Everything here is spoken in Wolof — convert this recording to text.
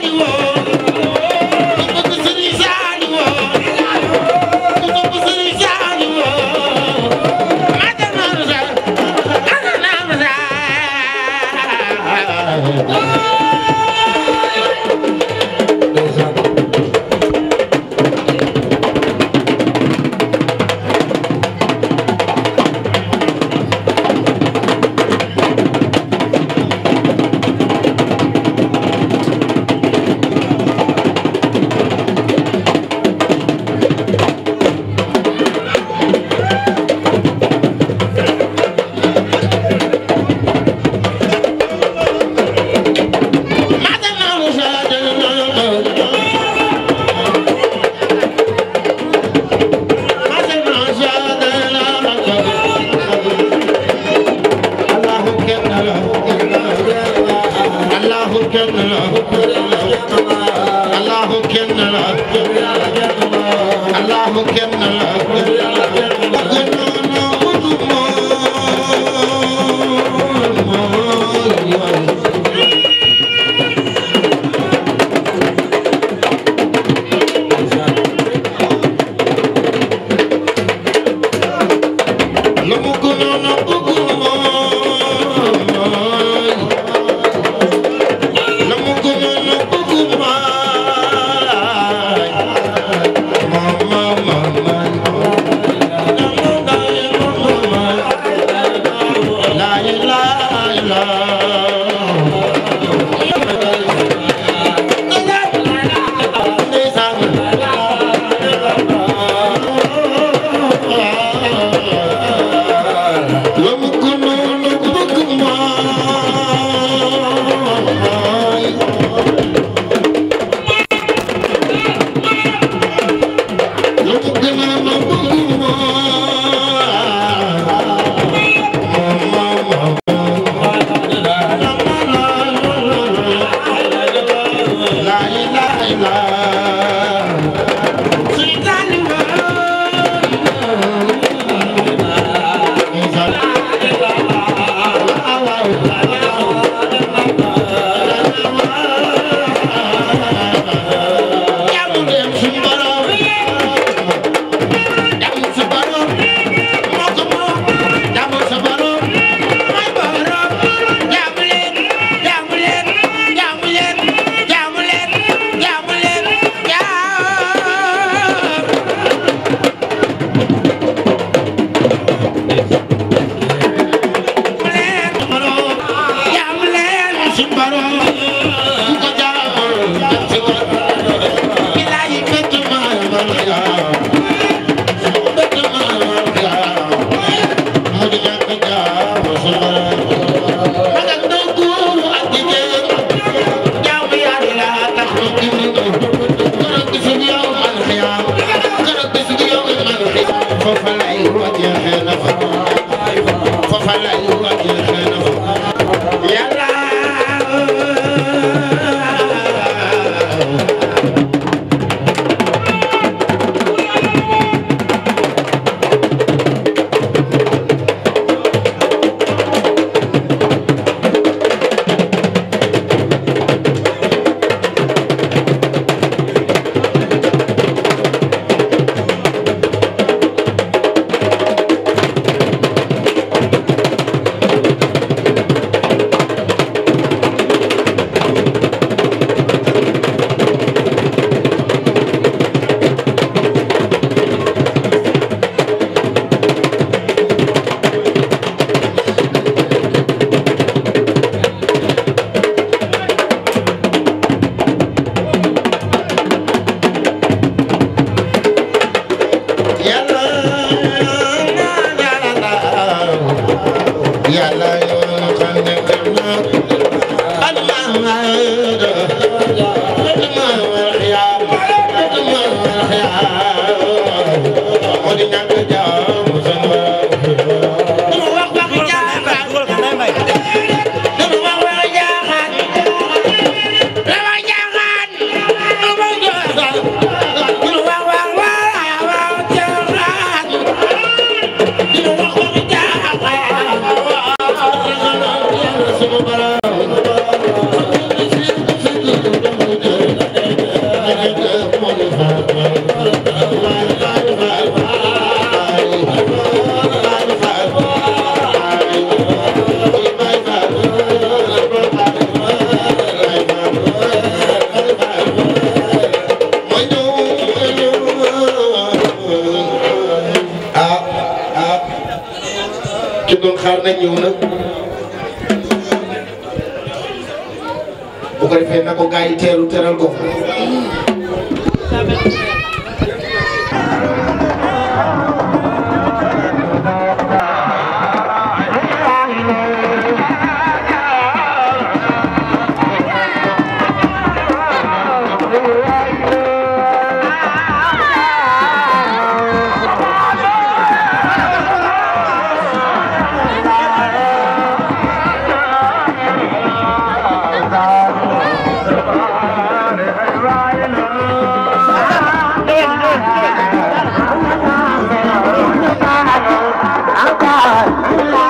love. Amen. xaar nañ ñëw na bu ko defee na ko gaa yi teeru teral Yeah.